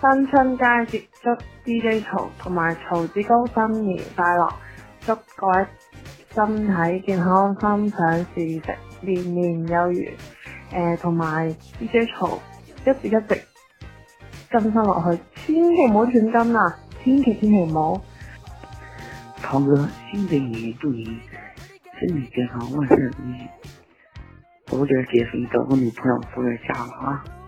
新春佳節祝 DJ 槽同埋曹志高新年快樂，祝各位身體健康，心想事成，年年有餘。誒，同埋 DJ 槽一直一直更新落去，千祈唔好轉金啊，千祈千祈唔好。曹哥，新年都要身體健康啊！你早點結婚，找個女朋友，早點嫁啦啊！